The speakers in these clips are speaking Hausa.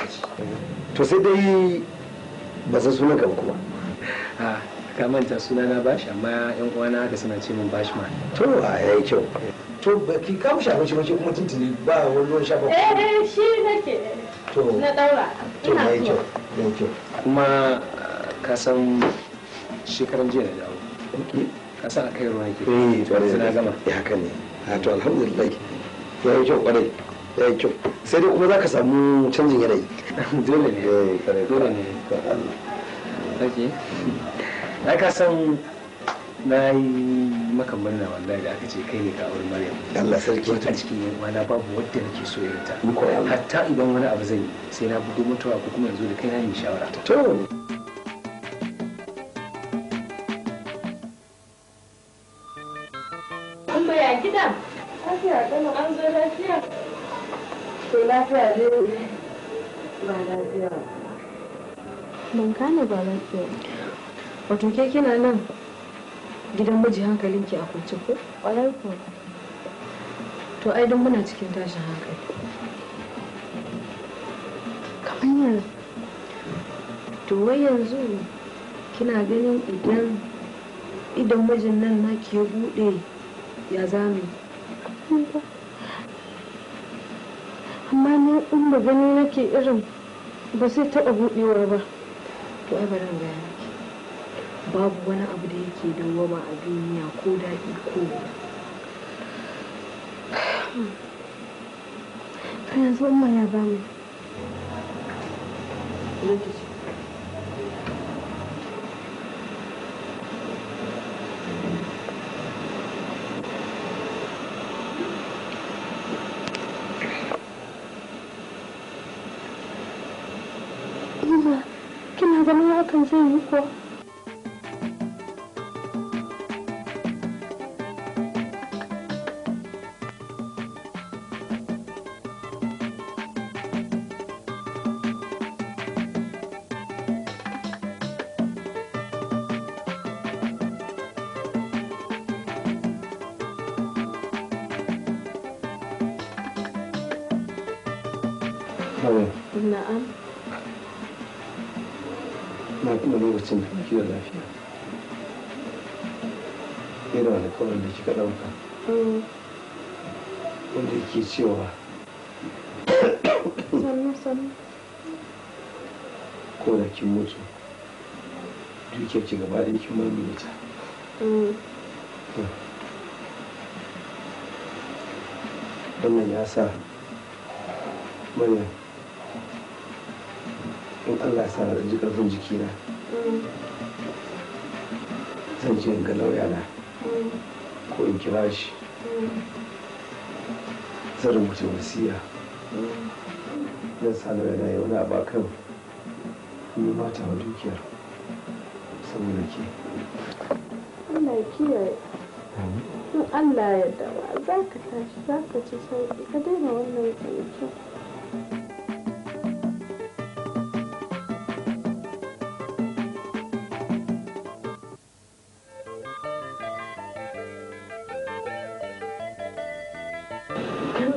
lokaci to sai dai ba san sunan ka kuma ah, ka manta suna na bashi amma yan uwana haka suna ce min bashi ma to a yayi kyau to ba ki ka mu shafe shi ba kuma tuntuni ba wani ruwan shafa eh eh shi nake to na daura to yayi kyau yayi kyau kuma ah, ka san shekaran jiya da dawo ka san akai ruwa yake eh to na eh, gama ya eh, haka ne ah, to alhamdulillah yayi kyau kwarai ya eh, yi kyau sai dai kuma za ka samu canjin yanayi dole ne eh, dole ne ake ka san na yi maka murna wallahi da aka ce kai ne ka auri maryam Allah sarki a cikin yan babu wadda nake so irin ta hatta idan wani abu zai yi sai na bugo mutuwa ko kuma yanzu da kai na yi shawara to kuma an zo lafiya To lafiya ne ba lafiya. Ban gane ba lafiya. Wato ke kina nan gidan miji hankalinki a kwance ko? Ƙwarar ko. To ai don muna cikin tashin hankali. Kamar yanzu. To wai yanzu kina ganin idan idan mijin nan naki ya buɗe ya zame. in ba gani nake irin ba sai taɓa buɗewa ba to ai bari ga babu wani abu da yake dawwama a duniya ko daɗi ko to yanzu ya ba mu. كنا كان جميعها كان زي هو نعم na tuna lokacin da kike da lafiya da kika ɗauka mm. wanda yake cewa ko da kin mutu dukiyar ki gaba ɗaya kin mamaye ta mm. wannan ya sa Maryam in allah sa ji karfin jikina zan ji ga lauya na ko in kira shi zan rubuta wasiya zan sa lauya na yau na ba kan yi mata wa dukiyar saboda ke Allah ya in Allah ya dawa za ka tashi za ka ci sauki ka daina wannan tsanaki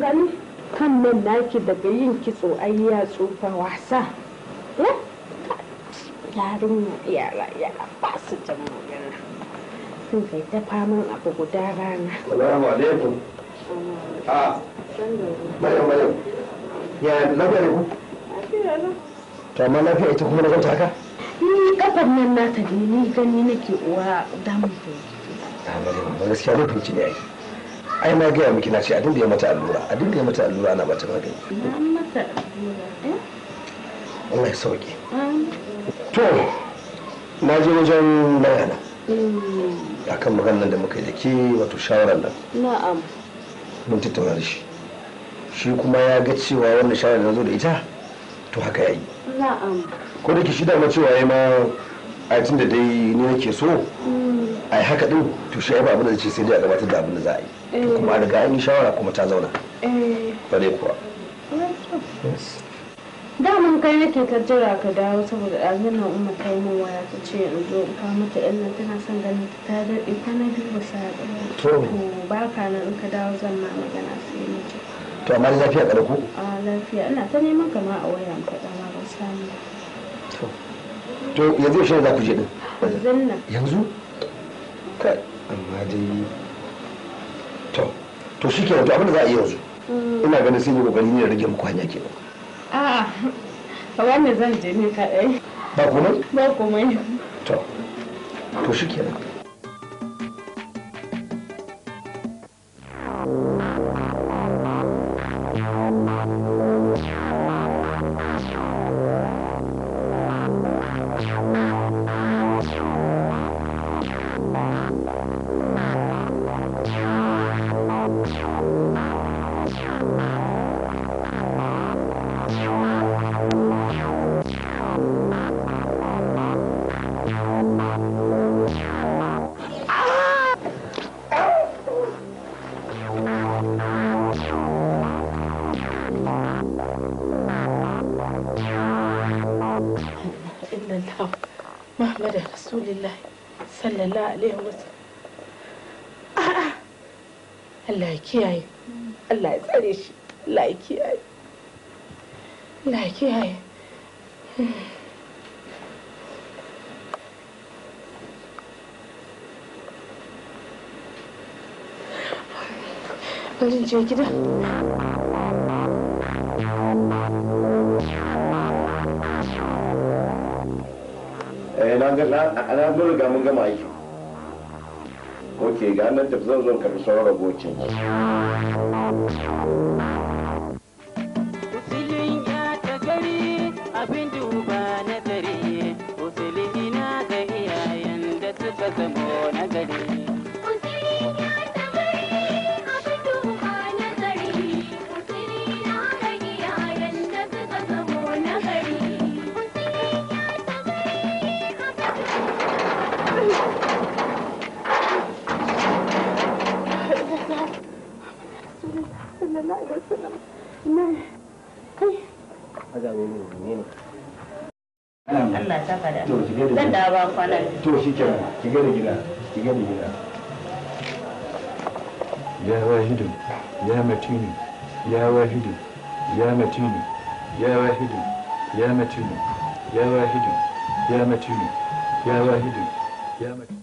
gani kan nan naki daga yin kitso ai ya tsufa wasa yarin yara yara ba su jan magana sun kai ta faman abu guda rana salamu alaikum a ah. ah. maryam maryam ya lafiya ne ku to amma lafiya ita kuma na ganta haka ni kafar nan na ta ni gani nake uwa damu ko ah, gaskiya ne ne ai ai na gaya miki na ce a da ya mata allura a da ya mata allura ana mata magani eh? Allah ya sauke to na je wajen bayana mm. kan maganar da muka yi da ke wato shawarar nan na'am mun tattauna da shi shi kuma ya ga cewa wannan shawarar da zo da ita to haka yi na'am ko da ke shi dama cewa ya ma a tun da dai ni nake so mm. a yi haka din to shi ya ba abin da ce sai dai a gabatar da abin da za a yi Eh. kuma daga an yi shawara kuma ta zauna eh. bare kuwa daman kai nake ta jira ka dawo saboda ɗazin na umar ta yi min waya ta ce yanzu zo in ka mata yan nan tana son ganin ta daɗe na biyu ba sa to ba ka nan in ka dawo zan ma magana yi ni to amma lafiya ka ku a lafiya ina ta neman kama a waya in faɗa ma ban samu to yanzu shi ne za ku je din yanzu kai amma dai to to shi ke abin da za a yi yanzu mm. ina ganin sai mu kokari ne rage muku hanya Ba a wannan zan je ne kadai ba kuma ba kuma to to shi kenan الله محمد رسول الله صلى الله عليه وسلم الله يكياي الله يساليش الله يكياي الله يكياي Ölünceye gidelim. na mun riga mun gama aiki ok ga nan tafi zan zon karbi sauran ragocin filin ya gari sallallahu alaihi wasallam ta da ya wahidu ya matini ya wahidu ya matini ya wahidu ya matini ya wahidu ya matini ya wahidu ya matini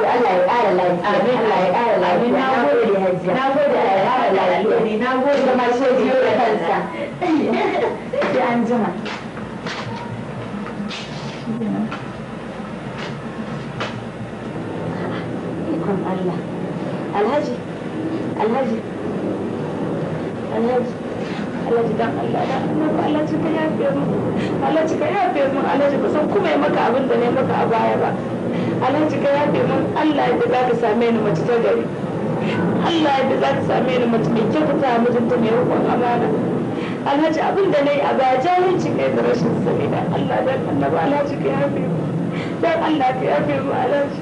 Allah ya ƙara lafiya Allah ya ƙara lafiya na gode hajiya na gode ya ƙara lafiya na gode shi biyo da kansa sai an jima Alhaji Alhaji Alhaji Alhaji dan Allah dan Allah yafe mu yafe mu san kuma maka abin da ne maka a baya ba alhaji ka ya mun allah ya za ka same ni mace ta gari allah ya za ka same ni mace mai kyautata mutunta mai hukun amana alhaji abin da na yi a baya jahilci kai da rashin sani da allah dan annabi alhaji ka ya mu dan allah ka ya mu alhaji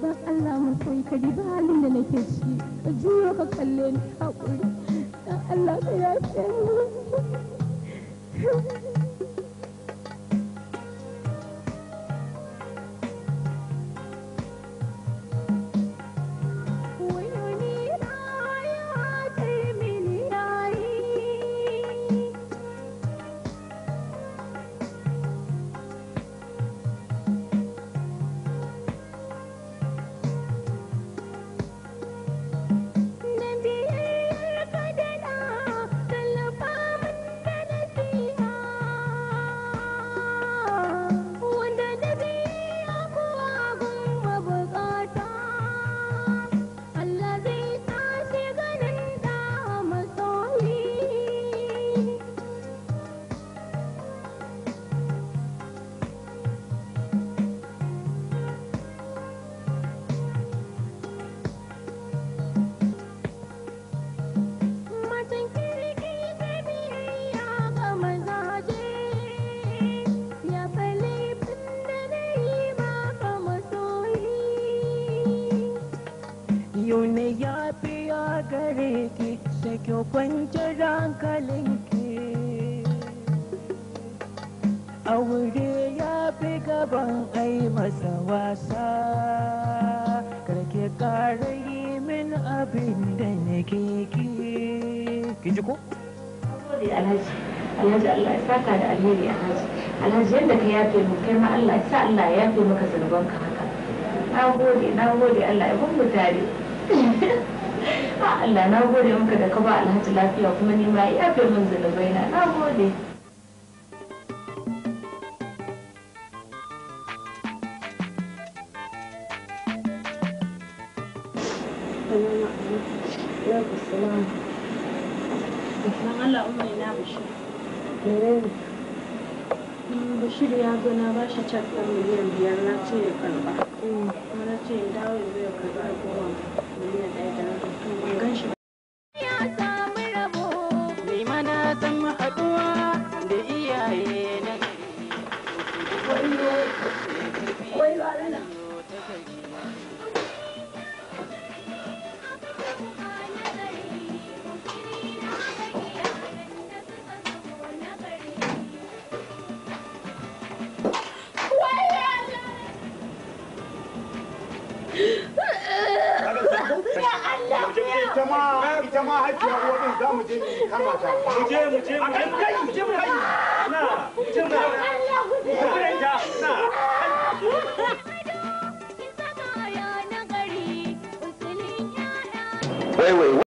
don Allah mun koyi ka ba halin da nake ciki ka juyo ka kalle ni hakuri don Allah ka yafe mu Ki kwanciyar hankalinki aure ya fi gaban ai masa wasa karke kara yi min abin da nake ki ki ji ko alhaji alhaji Allah ya saka da alheri alhaji alhaji yadda ka yafe mu kai ma Allah sa Allah ya yafe maka zanubanka haka na gode na gode Allah ya gumu tare Allah na gode maka da ka ba alhaji lafiya kuma ni ma ya fi min zunubai na na gode. Mm, Bashir ya zo na ba shi miliyan biyar na ce ya karba. Mm. Kuma na ce dawo ya ya karba goma ita ma hajiya uwa din za mu je mu kama ta mu je mu je mu je kai mu je mu kai na mu je mu kai na